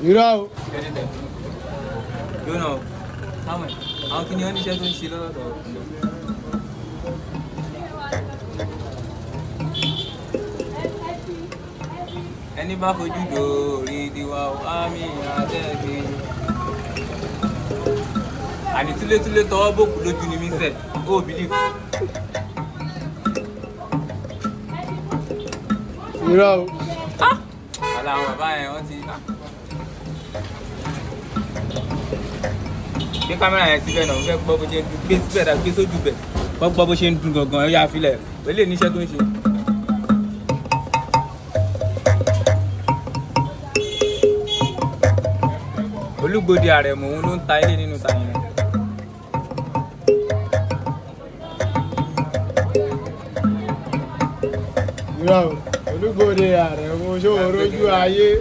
You You know. How much? Irọ́ o. Yóná, àwọn kìnìún níṣẹ́ tó ń ṣe lọ́dọ̀. Ẹni bá fojú dòórí diwa àmì àtẹ́gbẹ́. Àní túlétúlé tọwọ́ bòkú lójú ni mí sẹ̀, Oh, believe. You know. Ah. àwọn my yẹn What's ti gbé kámẹ́rà yẹn síbẹ̀ náà mo fẹ́ gbọ́ bó ṣe ń dún gbé síbẹ̀ dá gbé sójú bẹ̀ kọ́ gbọ́ bó ṣe ń dún gangan ẹ̀yà afilẹ̀ ó lè níṣẹ́ tó ń ṣe. olúgbòde àrẹ̀mọ̀ òun ló ń ta ilé nínú tàyẹn. olúgbòde àrẹ̀mọ̀ ṣòro ojú ayé.